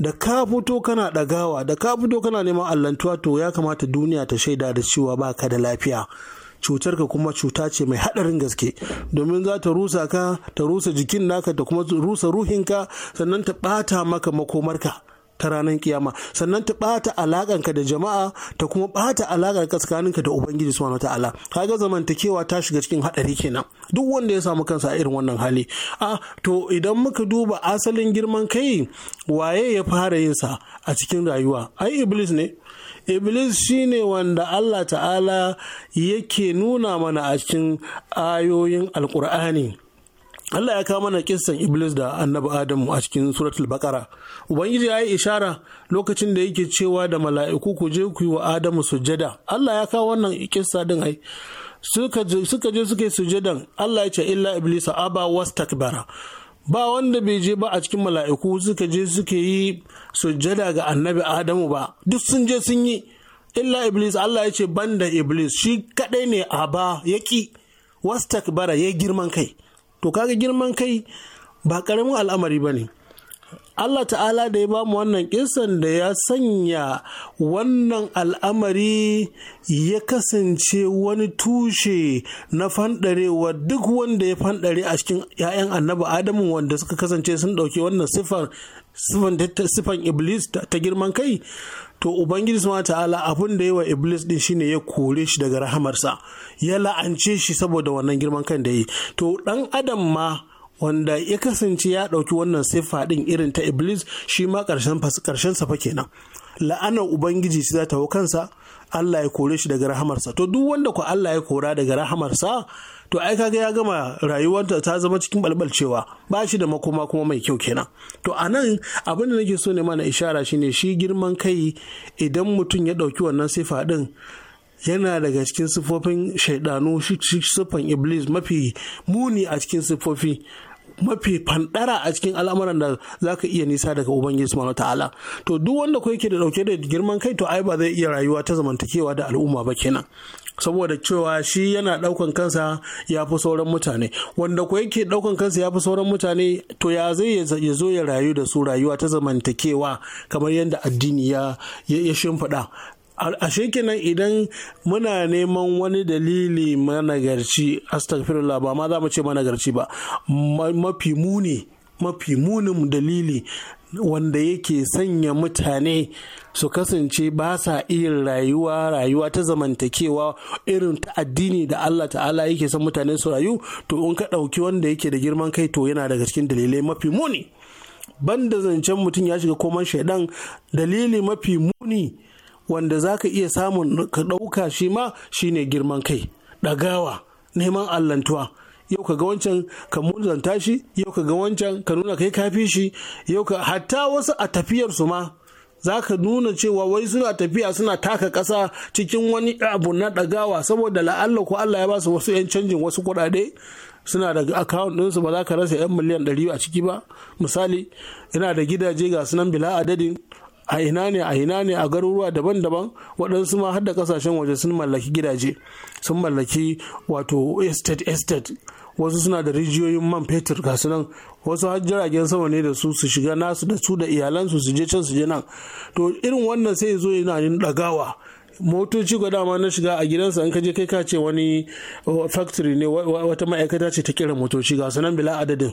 da ka fito kana ɗagawa da ka fito kana neman allantuwa to ya kamata duniya ta shaida da cewa ba ka da lafiya cutar ka kuma cuta ce mai haɗarin gaske domin za ta rusa ka ta rusa jikin naka ta kuma rusa ruhinka sannan ta ɓata maka makomarka ta ranar kiyama sannan ta ɓata ka da jama'a ta kuma ɓata alakar tsakaninka da ubangiji subhanahu ta'ala kaga zamantakewa ta shiga cikin haɗari kenan duk wanda ya samu kansa a irin wannan hali a ah, to idan muka duba asalin girman kai waye ya fara yin sa a cikin rayuwa ai iblis ne iblis shine wanda Allah ta'ala yake nuna mana a cikin ayoyin alkur'ani Allah ya kawo mana kissan Iblis da annabi Adamu a cikin suratul Baqara. Ubangiji ya yi ishara lokacin da yake cewa da mala'iku ku je ku yi wa Adamu sujada. Allah ya kawo wannan kissa din ai. Suka je suka yi sujadan Allah ya ce illa Iblis aba takbara. Ba wanda bai je ba a cikin mala'iku suka je suka yi sujada ga annabi Adamu ba. Duk sun je sun yi illa Iblis Allah ya ce banda Iblis shi kaɗai ne a aba Wasu takbara ya girman kai. to kaga girman kai ba karamin al'amari ba ne Allah ta'ala da ya bamu wannan kisan da ya sanya wannan al'amari ya kasance wani tushe na fanɗarewa duk wanda ya fanɗare a cikin 'ya'yan annabi adamu wanda suka kasance sun ɗauki wannan siffar siffan iblis ta girman kai to ubangiji subhanahu ta'ala abin da yawa iblis din shine ya kore shi daga rahamarsa ya la'ance shi saboda wannan girman kan da yi to dan adam ma wanda ya kasance ya dauki wannan siffa fadin irin ta iblis shi ma karshen sa fa kenan la'anar ubangiji shi za ta hau kansa Allah ya kore shi daga rahamarsa to duk wanda ku Allah ya kora daga rahamarsa to ai kaga ya gama rayuwarta ta zama cikin balbalcewa ba shi da makoma kuma mai kyau kenan to a nan abin da nake so ne mana ishara shine shi girman kai idan mutum ya dauki wannan sifa din yana daga cikin siffofin shaidanu shi siffan iblis mafi muni a cikin siffofi mafi fandara a cikin al'amuran da za ka iya nisa daga ubangiji subhanahu ta'ala to duk wanda ko yake da dauke da girman kai to ai ba zai iya rayuwa ta zamantakewa da al'umma ba kenan saboda cewa shi yana daukan kansa ya fi sauran mutane wanda ko yake daukan kansa ya fi sauran mutane to ya zai ya zo ya rayu da su rayuwa ta zamantakewa kamar yadda addini ya shimfiɗa ashe kenan idan muna neman wani dalili managarci astagfirullah ba ma za mu ce managarci ba mafi muni mafi munin dalili wanda yake sanya mutane su kasance ba sa iya rayuwa rayuwa ta zamantakewa irin ta addini da Allah ta'ala yake son mutane su rayu to in ka ɗauki wanda yake da girman kai to yana daga cikin dalilai mafi muni banda zancen mutum ya shiga koman shaidan dalili mafi muni wanda za ka iya samun ka ɗauka shi ma shine girman kai ɗagawa neman allantuwa yau ka ga wancan ka muzanta shi yau ka ga wancan ka nuna kai kafi shi yau ka hatta wasu a tafiyarsu ma za ka nuna cewa wai suna tafiya suna taka ƙasa cikin wani abu na ɗagawa saboda la'alla ko Allah ya ba su wasu 'yan canjin wasu kuɗaɗe suna da akawun ɗinsu ba za ka rasa 'yan miliyan ɗari a ciki ba misali yana da gidaje ga sunan bila adadin a ina ne a ina ne a garuruwa daban-daban waɗansu ma har da kasashen waje sun mallaki gidaje sun mallaki wato estate estate wasu suna da rijiyoyin man fetur ga nan wasu har jiragen sama ne da su su shiga nasu da su da iyalansu su je can su je nan to irin wannan sai zo yana yin dagawa motoci ga dama na shiga a gidansa in ka kai ka ce wani factory ne wata ma'aikata ce ta kira motoci ga sanan bila adadin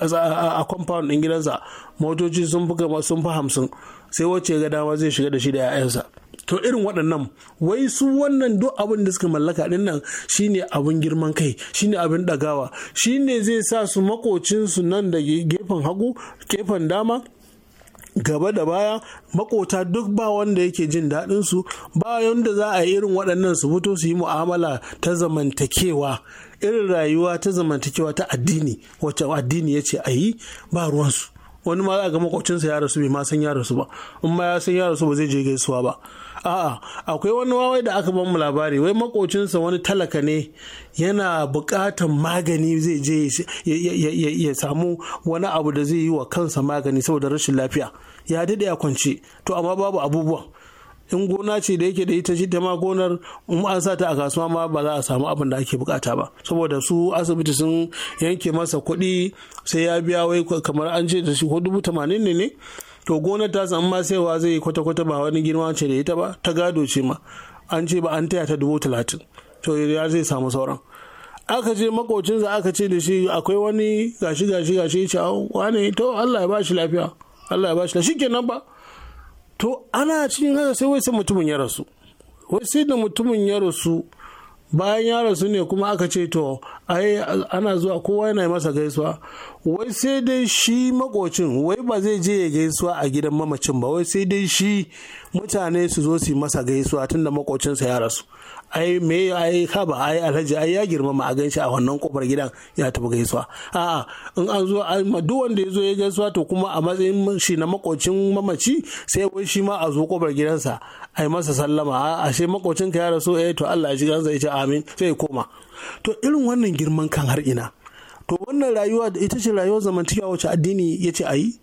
a compound din gidansa motoci sun fi hamsin sai wacce ga dama zai shiga da shi da 'ya'yansa to irin waɗannan wai su wannan duk abin da suka mallaka din nan shine abin girman kai shine abin ɗagawa shi ne zai sa su makocinsu nan da gefen hagu gefen dama gaba da baya makota duk ba wanda yake jin daɗin su ba yanda za a yi irin waɗannan su fito su yi mu'amala ta zamantakewa irin rayuwa ta zamantakewa ta addini wacce addini ya ce a yi ba ruwansu wani ma za ga makwacinsa ya rasu bai ma san ya rasu ba in ma ya san ya rasu ba zai je gaisuwa ba a'a akwai wani wawai da aka ban mu labari wai makocinsa wani talaka ne yana buƙatan magani zai je ya samu wani abu da zai yi wa kansa magani saboda rashin lafiya ya daɗe ya kwance to amma babu abubuwan in gona ce da yake da ita shi ta ma gonar in an sa ta a kasuwa ma ba za a samu abin da ake bukata ba saboda su asibiti sun yanke masa kuɗi sai ya biya wai kamar an ce da shi ko dubu tamanin ne ne to gonar ta samu ma wa zai kwata-kwata ba wani girma ce da ita ba ta gado ce ma an ce ba an taya ta dubu talatin to ya zai samu sauran aka ce makocinsa aka ce da shi akwai wani gashi gashi gashi ya ce wane to Allah ya bashi lafiya Allah ya bashi lafiya kenan ba to ana cikin haka sai wai sai mutumin ya rasu wai sai da mutumin ya rasu bayan ya rasu ne kuma aka ce to ai ana zuwa kowa yana masa gaisuwa wai sai dai shi makocin wai ba zai je ya gaisuwa a gidan mamacin ba wai sai dai shi mutane su zo su masa gaisuwa tunda makocinsa ya rasu ai me ai kaba ai alhaji ai ya girmama a ganshi a wannan kofar gidan ya tafi gaisuwa a'a in an zo duk wanda ya zo ya gaisuwa to kuma a matsayin shi na makocin mamaci sai wai shi ma a zo kofar gidansa ai masa sallama a'a ashe makocin ka ya rasu eh to Allah ya ji gansa ya ce amin sai ya koma to irin wannan girman kan har ina to wannan rayuwa ita ce rayuwar zamantakewa wacce addini ya ce a yi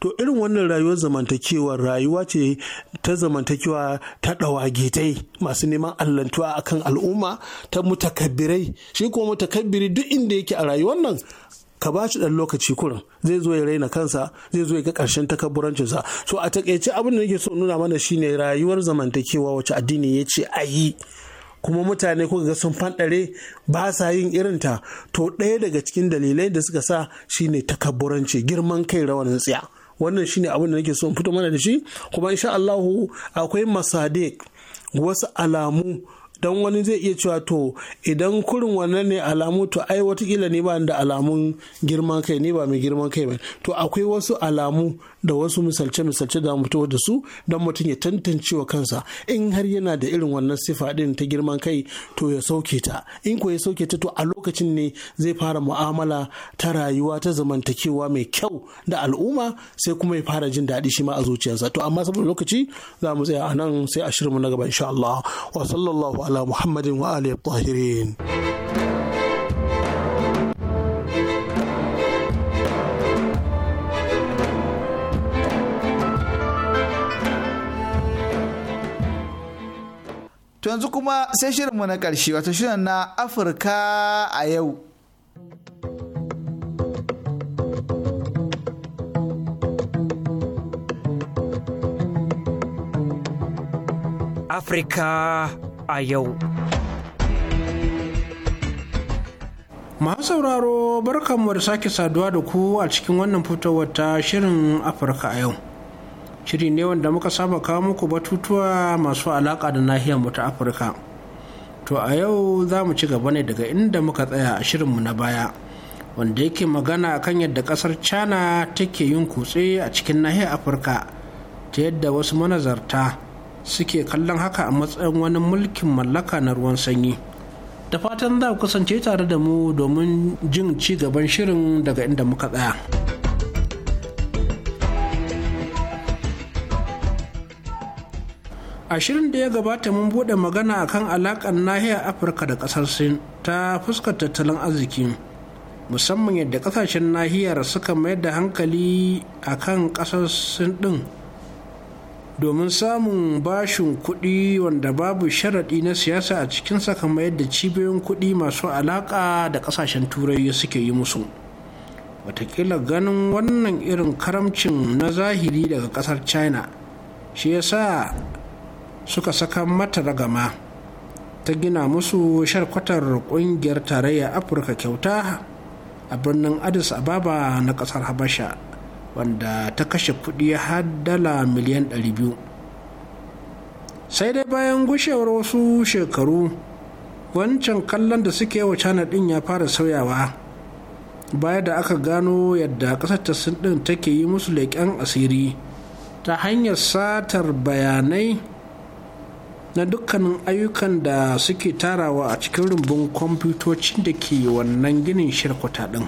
to irin wannan rayuwar zamantakewar rayuwa ce ta zamantakewa ta ɗawagitai masu neman allantuwa a kan al'umma ta mutakabirai. shi kuma mutakabiri duk inda yake a rayuwar nan ka ba shi ɗan lokaci kurin zai zo ya raina kansa zai zo ya ga ƙarshen takaburancinsa so a takaice abin da nake so nuna mana shine rayuwar zamantakewa wacce addini ya ce a yi kuma mutane kuka ga sun fanɗare ba sa yin irinta to ɗaya daga cikin dalilai da suka sa shine takabburanci girman kai rawan tsiya wannan shine abin da nake so fito mana da shi kuma insha Allahu akwai masadik wasu alamu don wani zai iya cewa to idan kurin wannan ne alamu to ai watakila ne ba da alamun girman kai ne ba mai girman kai ba to akwai wasu alamu da wasu misalce-misalce da mutu da su don mutum ya tantance wa kansa in har yana da irin wannan sifa din ta girman kai to ya sauke ta in ko ya sauke ta to a lokacin ne zai fara mu'amala ta rayuwa ta zamantakewa mai kyau da al'umma sai kuma ya fara jin daɗi shi ma a zuciyarsa to amma saboda lokaci za mu tsaya a nan sai a shirmu na gaba insha Allah wa sallallahu ala muhammadin wa alihi tahirin To yanzu kuma sai shirinmu na ƙarshe wato shirin na Afirka a yau. Afirka a yau. Masu sauraro barkanmu da sake saduwa da ku a cikin wannan fitowar ta shirin Afirka a yau. shiri ne wanda muka saba kawo muku batutuwa masu alaƙa da nahiyar mu ta afirka to a yau za mu ci gaba ne daga inda muka tsaya a shirinmu na baya wanda yake magana kan yadda ƙasar china take yin kutse a cikin nahiyar afirka ta yadda wasu manazarta suke kallon haka a matsayin wani mulkin mallaka na ruwan sanyi da fatan za ku kasance tare da mu domin jin ci gaban shirin daga inda muka tsaya. a shirin da ya gabata mun bude magana akan alakan nahiyar afirka da kasar sin ta fuskar tattalin arziki musamman yadda kasashen nahiyar suka mayar da hankali a kan kasar sin din domin samun bashin kuɗi wanda babu sharaɗi na siyasa a cikin saka mayar da cibiyoyin kuɗi masu alaƙa da ƙasashen turai suke yi musu watakila ganin wannan irin karamcin na zahiri daga ƙasar china shi yasa suka saka mata ragama ta gina musu sharkwatar kungiyar tarayya afirka kyauta a birnin addis ababa na kasar habasha wanda ta kashe kudi har dala miliyan 200 sai dai bayan gushewar wasu shekaru wancan kallon da suke wa cana din ya fara sauyawa baya da aka gano yadda kasar ta din take yi musu leƙen asiri ta hanyar satar bayanai na dukkanin ayyukan da suke tarawa a cikin rumbun kwamfutocin da ke wannan ginin shirkuta ɗin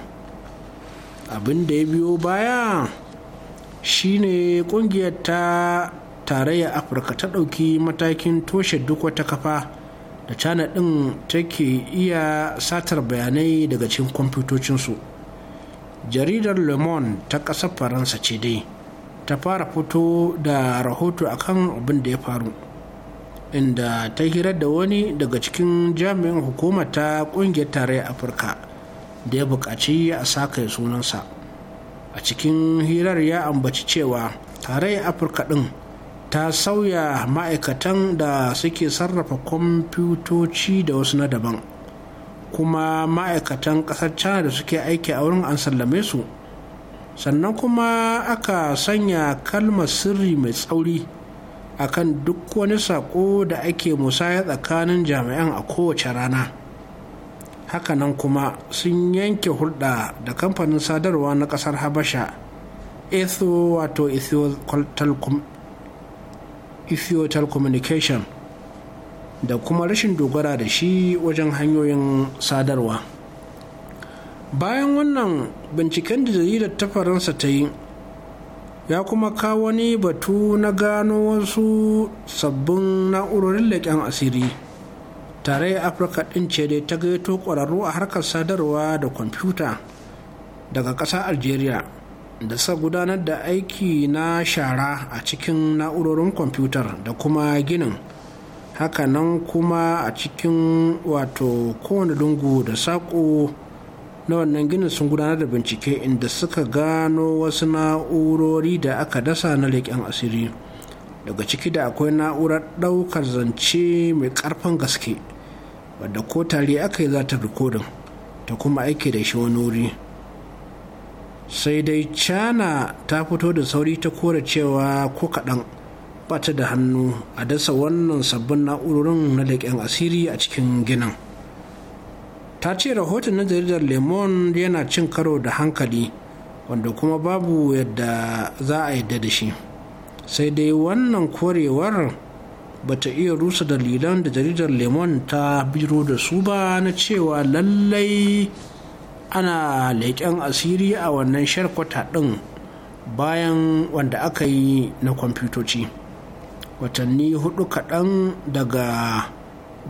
abin da ya biyo baya shine ƙungiyar ta tarayyar afirka ta ɗauki matakin toshe duk wata kafa da cana ɗin take iya satar bayanai daga cikin kwamfutocinsu jaridar le monde ta ƙasar faransa ce dai ta fara fito da rahoto akan abin da ya faru inda ta hirar da wani daga cikin jami'in hukumar ta kungiyar tarayyar afirka da ya buƙaci a saka sunansa a cikin hirar ya ambaci cewa tarayyar afirka ɗin ta sauya ma'aikatan da suke sarrafa kwamfutoci da wasu na daban kuma ma'aikatan ƙasar china da suke aiki a wurin an sallame su sannan kuma aka sanya kalmar sirri mai tsauri akan duk wani saƙo da ake musaya tsakanin jami'an a kowace rana hakanan kuma sun yanke hulɗa da kamfanin sadarwa na ƙasar habasha etho wato ethiopia telecommunication da kuma rashin dogara da shi wajen hanyoyin sadarwa bayan wannan binciken da jaridar ta faransa ta yi ya kuma kawo wani batu na gano wasu sabbin na'urorin leƙen asiri tare afirka ɗin ce dai ta gaito ƙwararru a harkar sadarwa da kwamfuta daga ƙasa algeria da sa gudanar da aiki na shara a cikin na'urorin kwamfutar da kuma ginin hakanan kuma a cikin wato kowane lungu da saƙo na wannan ginin sun gudanar da bincike inda suka gano wasu na'urori da aka dasa na leƙen asiri daga ciki da akwai na'urar ɗaukar zance mai ƙarfin gaske wadda ko tare aka yi za rikodin ta kuma aiki da shi wani wuri sai dai Cana ta fito da sauri ta kora cewa ko kaɗan ba da hannu a dasa wannan sabbin na'urorin na leƙen asiri a cikin ginin ta ce rahoton na jaridar lemon yana cin karo da hankali wanda kuma babu yadda za a yadda da shi sai dai wannan korewar ba ta iya rusa dalilan da jaridar lemon ta biro da su ba na cewa lallai ana leƙen asiri a wannan sharkwata ɗin bayan wanda aka yi na kwamfutoci watanni hudu kaɗan daga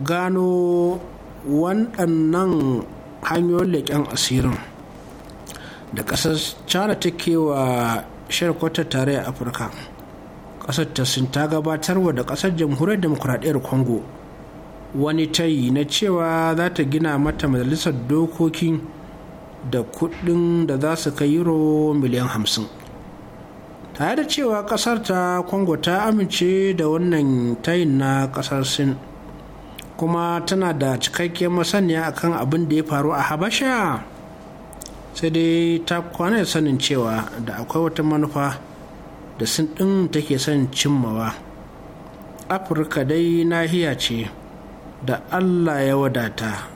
gano waɗannan hanyoyin leƙen asirin da ƙasar china ta take wa tare a afirka ƙasar ta sun ta gabatarwa da ƙasar jamhuriyar demokuraɗiyar congo wani tayi na cewa za ta gina mata majalisar dokokin da kuɗin da za su kai euro miliyan hamsin tare da cewa ƙasar ta congo ta amince da wannan tayin na ƙasar sin kuma tana da cikakken masaniya akan abin da ya faru a habasha sai dai ta kwana sanin cewa da akwai wata manufa da sun ɗin take son cimmawa afirka dai nahiya ce da allah ya wadata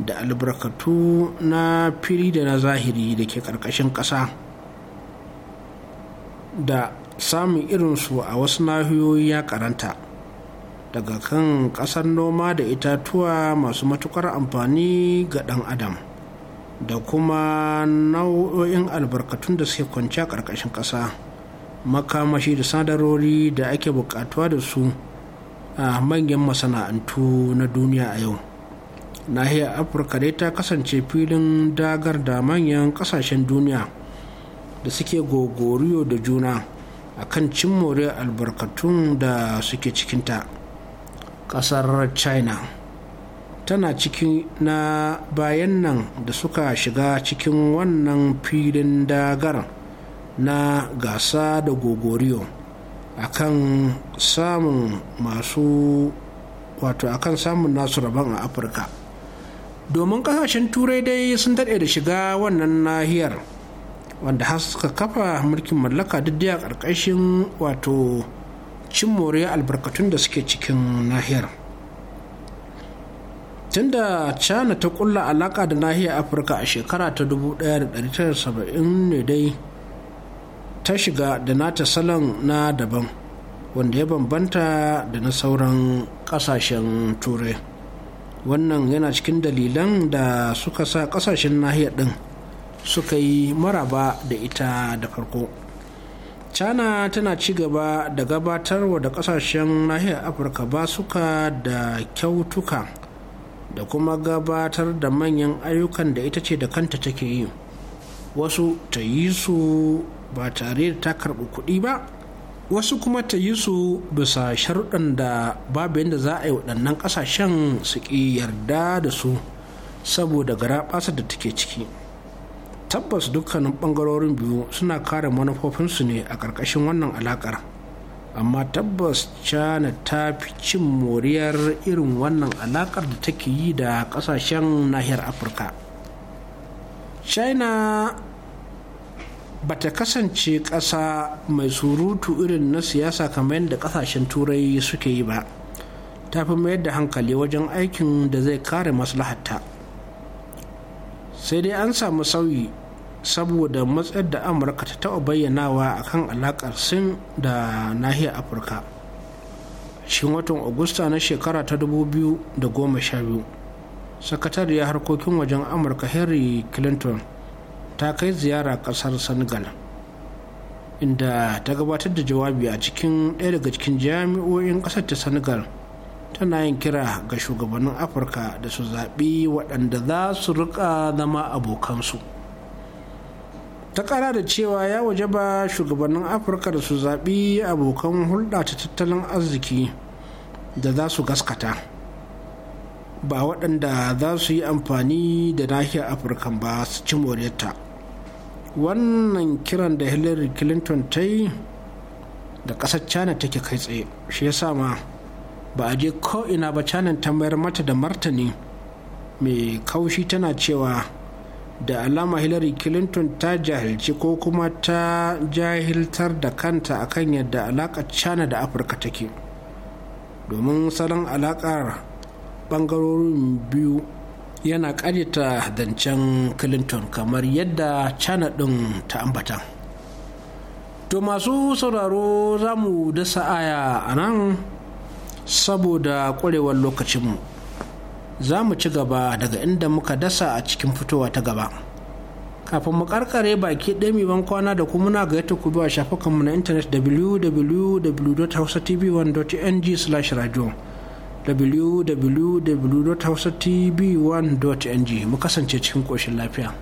da albarkatu na fili da na zahiri da ke ƙarƙashin ƙasa da samun irinsu a wasu nahiyoyi ya karanta daga kan ƙasar noma da itatuwa masu matukar amfani ga ɗan adam da kuma nau'o'in albarkatun da suke kwanci a ƙarƙashin ƙasa makamashi da sadarori da ake buƙatuwa da su a manyan masana'antu na duniya a yau nahiyar afirka dai ta kasance filin dagar da manyan ƙasashen duniya da suke gogoriyo da juna a kan cin more albarkatun da suke cikinta. kasar china tana ciki na bayan nan da suka shiga cikin wannan filin dagar na gasa da gogoriyo akan samun masu wato kan samun nasu rabon a afirka domin kasashen turai dai sun daɗe da shiga wannan nahiyar wanda har suka kafa mulkin mallaka duk a ƙarƙashin wato cin more albarkatun da suke cikin nahiyar tunda china ta kulla alaka da nahiyar afirka a shekara ta 1970 ne dai ta shiga da nata salon na daban wanda ya bambanta da na sauran kasashen turai wannan yana cikin dalilan da suka sa kasashen nahiyar din suka yi maraba da ita da farko china tana ci gaba da gabatarwa da kasashen nahiyar afirka suka da kyautuka da kuma gabatar da manyan ayyukan da ita ce da kanta take yi wasu ta yi su ba tare da ta karɓi kuɗi ba wasu kuma ta yi su bisa sharuɗan da babu yadda za a yi waɗannan ƙasashen su ƙi yarda da su saboda garaɓasa da take ciki. tabbas dukkanin bangarorin biyu suna kare manufofinsu ne a ƙarƙashin wannan alaƙar amma tabbas china ta fi cin moriyar irin wannan alaƙar da take yi da ƙasashen nahiyar afirka china bata kasance ƙasa mai surutu irin na siyasa kamar yadda ƙasashen turai suke yi ba ta fi mayar da hankali wajen aikin da zai kare maslahatta sai dai an samu sauyi saboda matsayar da amurka ta taɓa bayyanawa a kan alaƙar sin da nahiyar afirka cikin watan agusta na shekara ta 2012 sakatariya harkokin wajen amurka henry clinton ta kai ziyara ƙasar senegal inda ta gabatar da jawabi a cikin ɗaya daga cikin jami'o'in ƙasar ta senegal tana yin kira ga shugabannin afirka da su zaɓi waɗanda za su riƙa zama abokansu ta kara da cewa ya waje ba shugabannin afirka da su zaɓi abokan hulɗa ta tattalin arziki da za su gaskata ba waɗanda za su yi amfani da nahiyar afirka ba su ci moriyarta wannan kiran da hillary clinton ta yi da ƙasar china take kai tsaye shi ya ma. ba a je ko'ina ba china ta mayar mata da martani mai kaushi tana cewa da alama hillary clinton ta jahilci ko kuma ta jahiltar da kanta akan yadda alaƙar china da afirka take domin salon alaƙar bangarorin biyu yana ƙaryata zancen clinton kamar yadda china din ta ambata to masu sauraro za mu dasa aya a nan saboda ƙwarewar lokacinmu za mu ci gaba daga inda muka dasa a cikin fitowa ta gaba kafin mu karkare baki ɗaya ban kwana da kuma muna ga yadda ku a shafukanmu na intanet www.hausatv1.ng slash radio www.hausatv1.ng mu kasance cikin koshin lafiya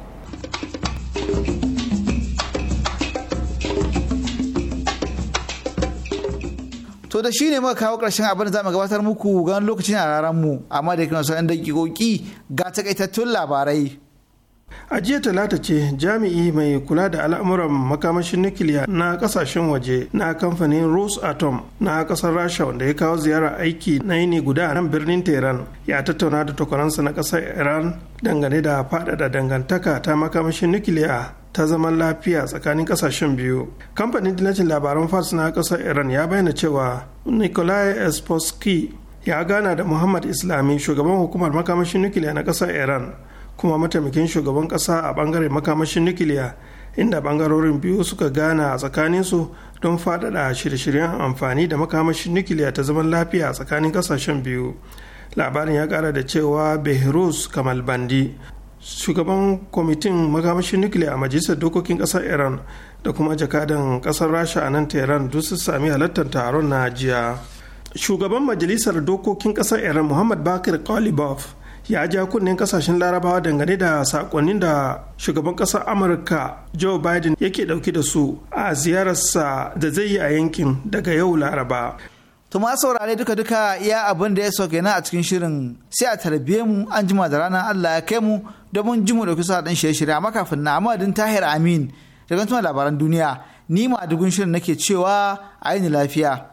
to da shi ne muka kawo karshen abin da za mu gabatar muku gan lokacin a raran mu amma da kuma sauran dakikoki ga takaitattun labarai a jiya talata ce jami'i mai kula da al'amuran makamashin nukiliya na kasashen waje na kamfanin atom na kasar rasha wanda ya kawo ziyara aiki na yini guda nan birnin tehran ya tattauna da takwaransa na kasar iran dangane da faɗaɗa dangantaka ta makamashin nukiliya ta zaman lafiya tsakanin kasashen biyu kamfanin dillacin labaran fars na kasar iran ya bayyana cewa nikolai esposki ya gana da muhammad islami shugaban hukumar makamashin nukiliya na kasar iran kuma mataimakin shugaban ƙasa a bangaren makamashin nukiliya inda bangarorin biyu suka gana a su don faɗaɗa shirye-shiryen amfani da makamashin nukiliya ta zaman lafiya a tsakanin kasashen biyu labarin ya kara da cewa behrus kamal bandi shugaban kwamitin makamashin nukiliya a majalisar dokokin kasar iran da kuma jakadan kasar rasha a nan tehran duk su sami halartar taron na jiya shugaban majalisar dokokin kasar iran muhammad bakir kalibov ya ja kunnen kasashen larabawa dangane da sakonnin da shugaban kasar amurka joe biden yake dauki da su a ziyararsa da zai yi a yankin daga yau laraba Tuma saurare duka duka ya abin da ya sauke na a cikin shirin sai a tarbiye mu an jima da ranar Allah ya kai mu domin ji mu da kusa shirye shirye amma kafin na amadin Tahir Amin daga tuma labaran duniya ni ma dugun shirin nake cewa a yi lafiya.